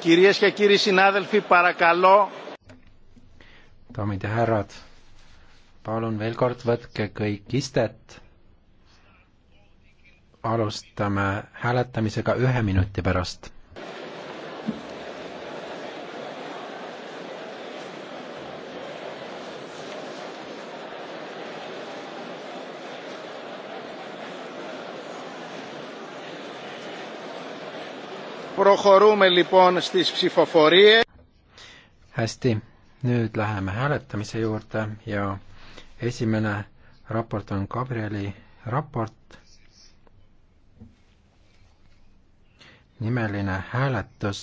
Κυρίες και κύριοι συνάδελφοι, παρακαλώ. Daamid ja härrad, palun veel kord võtke kõik istet. alustame hääletamisega ühe minuti pärast Προχωρούμε λοιπόν στις ψηφοφορίες. Hästi, nüüd läheme hääletamise juurde ja esimene raport on Gabrieli raport. nimeline hääletus